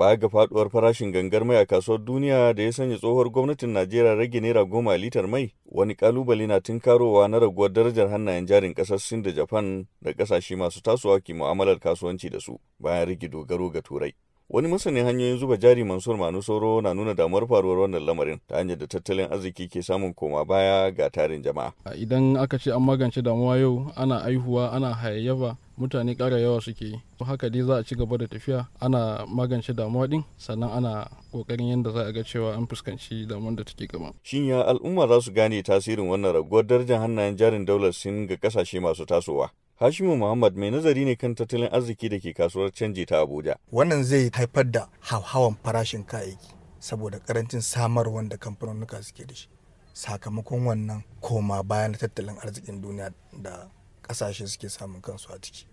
baya ga faduwar farashin gangar mai a kasuwar duniya da ya sanya tsohuwar gwamnatin najeriya rage naira goma litar mai wani kalubale na tunkarowa na raguwar darajar hannayen jarin kasar sin da japan da kasashe masu tasowa ke mu'amalar kasuwanci da su bayan rage dogaro ga turai Wani masanin hanyoyin zuba jari Mansur Manu Soro na nuna damar faruwar wannan lamarin ta hanyar da tattalin arziki ke samun koma baya ga tarin jama'a. Idan aka ce an magance damuwa yau ana aihuwa ana hayayyafa mutane kara yawa suke yi. Haka dai za a ci gaba da tafiya ana magance damuwa din sannan ana ƙoƙarin yadda za a ga cewa an fuskanci damuwar da take gaba. Shin ya al'umma za su gane tasirin wannan raguwar darajar hannayen jarin daular sin ga kasashe masu tasowa? Hashimu Muhammad mai nazari ne kan tattalin arziki da ke kasuwar canji ta Abuja. Wannan zai haifar da hauhawan farashin kayayyaki saboda karancin samarwar da kamfanonuka suke da shi. Sakamakon wannan koma bayan tattalin arzikin duniya da kasashe suke samun kansu a ciki.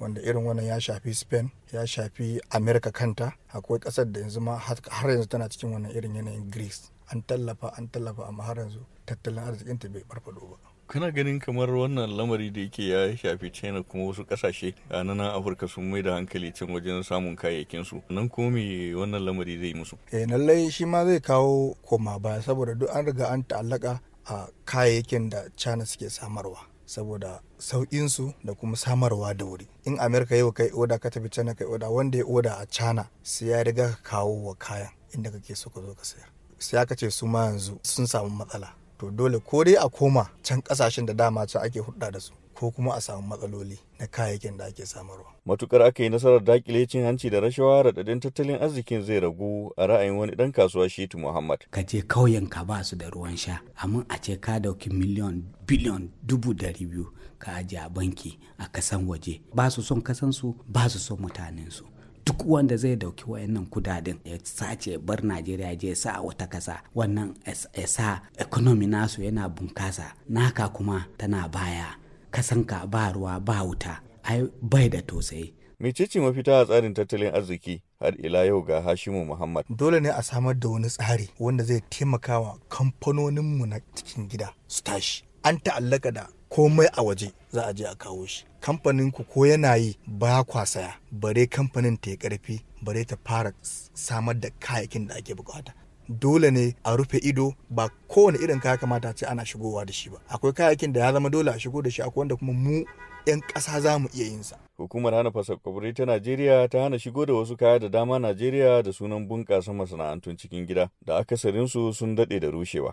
Wanda irin wannan ya shafi Spain, ya shafi Amurka kanta, akwai kasar da yanzu ma har yanzu tana cikin wannan irin yanayin Greece. An tallafa, an tallafa amma har yanzu tattalin arzikinta bai farfado ba. kana ganin kamar wannan lamari da yake ya shafi china kuma wasu kasashe a nan afirka sun mai da hankali can wajen samun kayayyakin su nan kuma me wannan lamari zai musu eh lallai shi ma zai kawo koma baya saboda duk an riga an ta'allaka a kayayyakin da china suke samarwa saboda sauƙin su da kuma samarwa da wuri in amerika yau kai oda ka tafi china kai oda wanda ya oda a china sai ya riga ka kawo wa kayan inda kake so ka zo ka sayar sai aka ce su ma yanzu sun samu matsala to dole ko dai a koma can kasashen da dama su ake hudda da su ko kuma a samu matsaloli na kayayyakin da ake samarwa. Matukar aka yi nasarar dakile cin hanci da rashawa raɗaɗin tattalin arzikin zai ragu a ra'ayin wani dan kasuwa Shitu Muhammad. Ka je kauyen ka ba su da ruwan sha, amma a ce ka dauki miliyon biliyan dubu dari biyu ka ajiye a banki a kasan waje. Ba su son kasansu, ba su son mutanensu. duk wanda zai dauki wayannan kudaden ya sace ya bar najeriya je sa a wata kasa wannan ya sa economy nasu yana bunkasa naka kuma tana baya kasanka ba ruwa ba wuta ai bai da tosai mecece mafita a tsarin tattalin arziki har ila yau ga Hashimu Muhammad. Dole ne a samar da wani tsari wanda zai taimakawa kamfanoninmu na cikin gida su tashi. an ta'allaka da komai a waje za a je a kawo shi kamfanin ku ko yana yi ba kwa saya bare kamfanin ta yi karfi bare ta fara samar da kayakin da ake bukata dole ne a rufe ido ba kowane irin kaya kamata ce ana shigowa da shi ba akwai kayakin da ya zama dole a shigo da shi akwai wanda kuma mu 'yan ƙasa za mu iya yin sa. Hukumar hana fasa fasakwabri ta Najeriya ta hana shigo da wasu kaya da dama Najeriya da sunan bunƙasa masana'antun cikin gida da akasarinsu sun daɗe da rushewa.